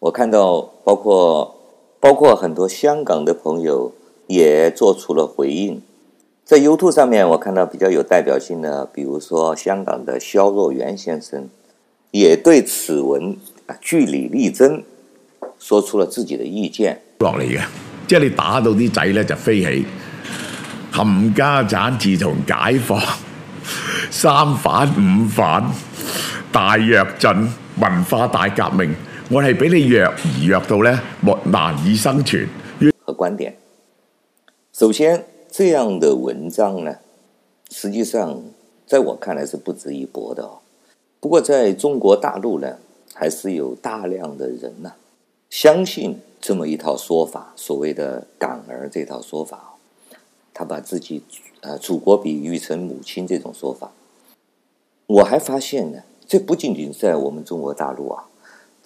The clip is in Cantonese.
我看到，包括包括很多香港的朋友也做出了回應，在 YouTube 上面，我看到比較有代表性的，比如說香港的蕭若元先生，也對此文據理力爭，說出了自己的意見。落嚟嘅，即係你打到啲仔呢，就飛起，冚家鏟，自從解放，三反五反，大躍進，文化大革命。我是俾你弱而弱到呢莫難以生存。和觀點？首先這樣的文章呢，實際上在我看來是不值一駁的哦。不過在中國大陸呢，還是有大量的人呢，相信這麼一套說法，所謂的港兒這套說法，他把自己啊祖國比喻成母親這種說法。我還發現呢，這不僅僅在我們中國大陸啊。